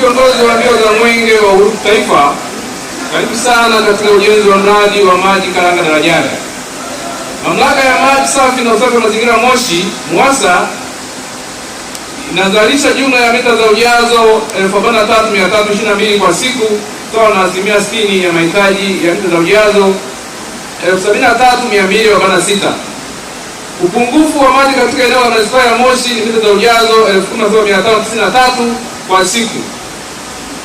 kiongozi wa mbio za mwenge wa uhuru taifa, karibu sana katika ujenzi wa mradi wa maji Karanga Darajani. Mamlaka ya maji safi na usafi wa mazingira Moshi MWASA inazalisha jumla ya mita za ujazo 43322 kwa siku sawa na asilimia 60 ya mahitaji ya mita za ujazo 73246. Upungufu wa maji katika eneo la manispaa ya Moshi ni mita za ujazo 17593 kwa siku.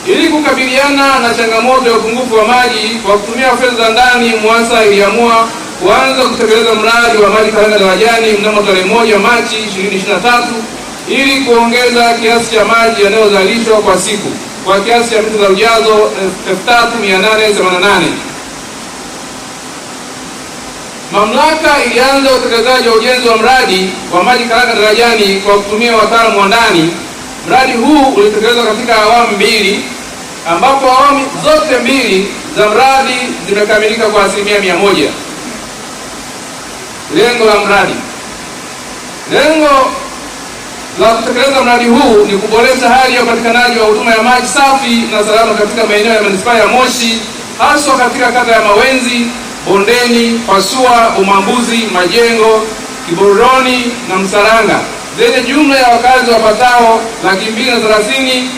Ili kukabiliana na changamoto ya upungufu wa maji kwa kutumia fedha za ndani, MUWASA iliamua kuanza kutekeleza mradi wa maji karanga darajani mnamo tarehe moja Machi 2023 ili kuongeza kiasi cha maji yanayozalishwa kwa siku kwa kiasi cha mita za ujazo 3888. Mamlaka ilianza utekelezaji wa ujenzi wa mradi wa maji karanga darajani kwa kutumia wataalamu wa ndani. Mradi huu ulitekelezwa katika awamu mbili ambapo awamu zote mbili za mradi zimekamilika kwa asilimia mia moja. Lengo la mradi, lengo la kutekeleza mradi huu ni kuboresha hali ya upatikanaji wa huduma ya maji safi na salama katika maeneo ya manispaa ya Moshi, haswa katika kata ya Mawenzi, Bondeni, Pasua, Umambuzi, Majengo, Kiboroni na Msaranga zenye jumla ya wakazi wapatao laki mbili na thelathini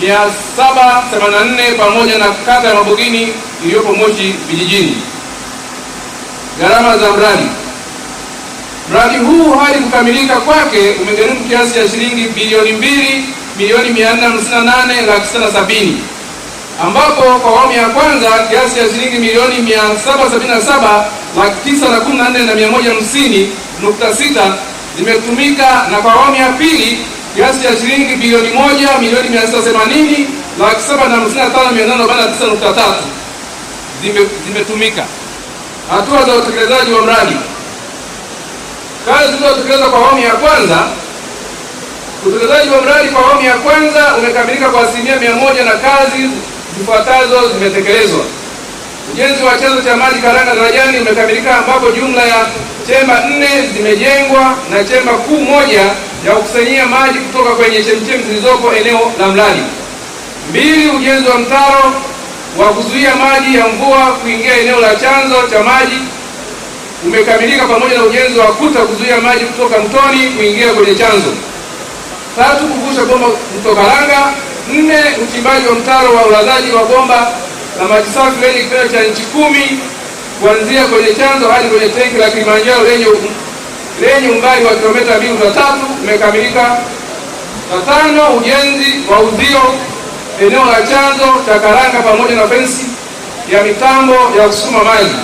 784 pamoja na kata ya Mabogini iliyopo Moshi vijijini. Gharama za mradi. Mradi huu hadi kukamilika kwake umegharimu kiasi cha shilingi bilioni 2 milioni 458 laki na sabini ambapo kwa awamu ya kwanza kiasi cha shilingi milioni 777 laki na na nukta zimetumika na kwa awamu ya pili kiasi cha shilingi bilioni moja milioni mia sita themanini laki saba na hamsini na tano mia nane arobaini na tisa nukta tatu zimetumika. Hatua za utekelezaji wa mradi. Kazi zilizotekelezwa kwa awamu ya kwanza. Utekelezaji wa mradi kwa awamu ya kwanza umekamilika kwa asilimia mia moja na kazi zifuatazo zimetekelezwa. Ujenzi wa chanzo cha maji Karanga Darajani umekamilika ambapo jumla ya chemba nne zimejengwa na chemba kuu moja ya kukusanyia maji kutoka kwenye chemchemi zilizopo eneo la mradi. Mbili, ujenzi wa mtaro wa kuzuia maji ya mvua kuingia eneo la chanzo cha maji umekamilika pamoja na ujenzi wa kuta kuzuia maji kutoka mtoni kuingia kwenye chanzo. Tatu, kuvusha bomba mto Karanga. Nne, uchimbaji wa mtaro wa ulazaji wa bomba na maji safi lenye kipimo cha inchi kumi kuanzia kwenye chanzo hadi kwenye tenki la Kilimanjaro lenye lenye umbali wa kilomita mbili za tatu umekamilika. Na tano, ujenzi wa uzio eneo la chanzo cha Karanga pamoja na fensi ya mitambo ya kusukuma maji.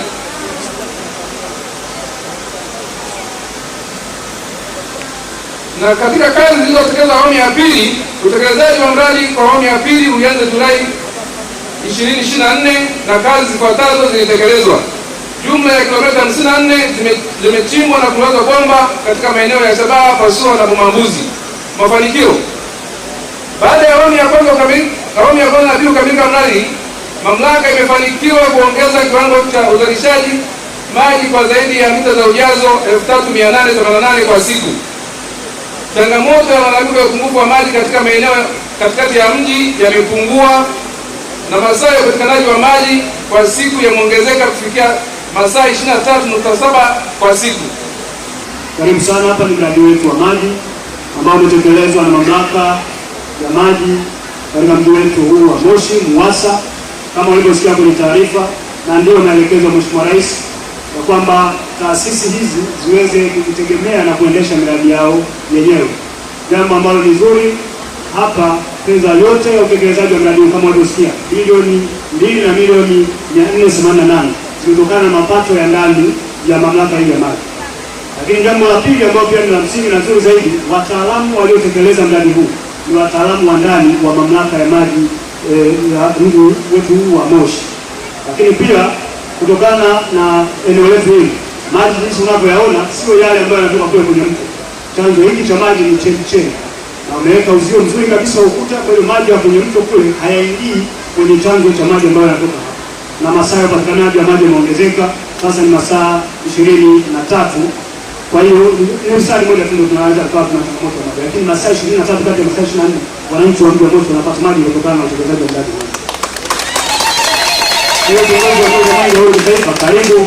Na katika kazi zilizotekelezwa awamu ya pili, utekelezaji wa mradi kwa awamu ya pili ulianza Julai 2024 na kazi zifuatazo zilitekelezwa. Jumla ya kilomita 54 zimechimbwa na kulazwa bomba katika maeneo ya Shabaha, Pasua na Bumambuzi. Mafanikio: baada ya awamu ya kwanza kwanza pili kukamilika mradi, mamlaka imefanikiwa kuongeza kiwango cha uzalishaji maji kwa zaidi ya mita za ujazo 3888 kwa siku. Changamoto ya malalamiko ya upungufu wa maji katika maeneo katikati ya mji yamepungua na masaa ya upatikanaji wa maji kwa siku yameongezeka kufikia masaa 23.7 kwa siku. Karibu sana. Hapa ni mradi wetu wa maji ambao umetekelezwa na mamlaka ya maji katika mji wetu huu wa Moshi MUWASA, kama ulivyosikia kwenye taarifa, na ndio maelekezo ya Mheshimiwa Rais ya kwamba taasisi hizi ziweze kujitegemea na kuendesha miradi yao yenyewe, jambo ambalo ni zuri hapa fedha yote ya utekelezaji wa mradi huu kama ulivyosikia, bilioni mbili na milioni mia nne themanini na nane na mapato ya ndani ya mamlaka hii ya maji. Lakini jambo la pili ambalo pia ni la msingi na zuri zaidi, wataalamu waliotekeleza mradi huu ni wataalamu wa ndani wa mamlaka ya maji eh, ya mji wetu huu wa Moshi. Lakini pia kutokana na eneo letu hili, maji jinsi unavyoyaona sio yale ambayo yanatoka kule kwenye mto. Chanzo hiki cha maji ni chemchemi wameweka uzio mzuri kabisa ukuta. Kwa hiyo maji ya kwenye mto kule hayaingii kwenye chanzo cha maji ambayo yanatoka hapa, na masaa ya upatikanaji ya maji yameongezeka, sasa ni masaa ishirini na tatu. Kwa hiyo ni saa moja tu ndio tunaanza kuwa tuna changamoto ya maji, lakini masaa ishirini na tatu kati ya masaa ishirini na nne wananchi wa mji wa Moshi wanapata maji kutokana na utekelezaji wa mradi huu. Hiyo viongozi wa maji wa Taifa, karibu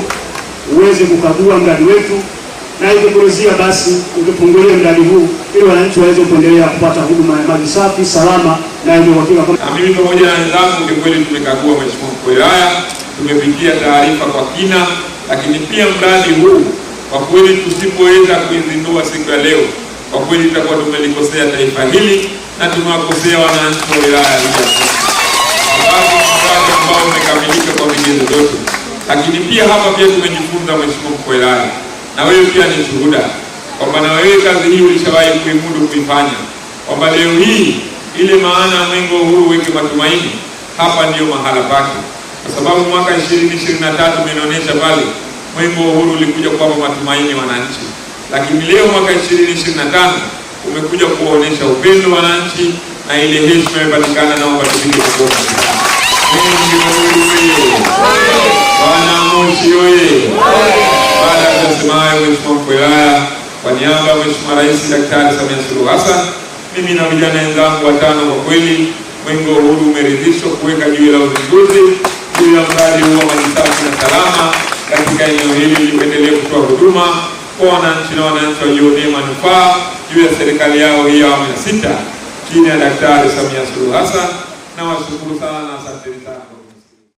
uweze kukagua mradi wetu na ingekuruhusiwa basi ungefungulia mradi huu ili wananchi waweze kuendelea kupata huduma ya maji safi salama na yenye uhakika. Mimi pamoja na wenzangu kweli tumekagua, Mheshimiwa Mkuu wa Wilaya, tumepitia taarifa kwa kina, lakini pia mradi huu kwa kweli tusipoweza kuizindua siku ya leo, kwa kweli tutakuwa tumelikosea taifa hili na tumewakosea wananchi wa wilaya hii, mradi ambao umekamilika kwa vigezo vyote, lakini pia hapa pia tumejifunza, Mheshimiwa Mkuu wa Wilaya na wewe pia ni shuhuda kwamba na wewe kazi hii ulishawahi kuimudu kuifanya, kwamba leo hii ile maana mwengo huu weke matumaini, hapa ndiyo mahala pake, kwa sababu mwaka 2023 imeonyesha pale mwengo uhuru ulikuja kuwapa matumaini wananchi, lakini leo mwaka 2025 umekuja kuwaonyesha upendo wananchi na ile heshima imepatikana na ubadilike kuoa Bwana Moshi oye! Baada ya kusemayo Mheshimiwa Mkuu wa Wilaya kwa niaba ya Mheshimiwa Rais Daktari Samia Suluhu Hassan, mimi na vijana wenzangu watano, kwa kweli mwenge wa uhuru umeridhishwa kuweka jiwe la uzinduzi juu ya mradi huu wa maji safi na salama katika eneo hili liendelee kutoa huduma kwa wananchi na wananchi wajionee manufaa juu ya serikali yao hii ya awamu ya sita chini ya Daktari Samia Suluhu Hassan. Nawashukuru sana, asanteni sana.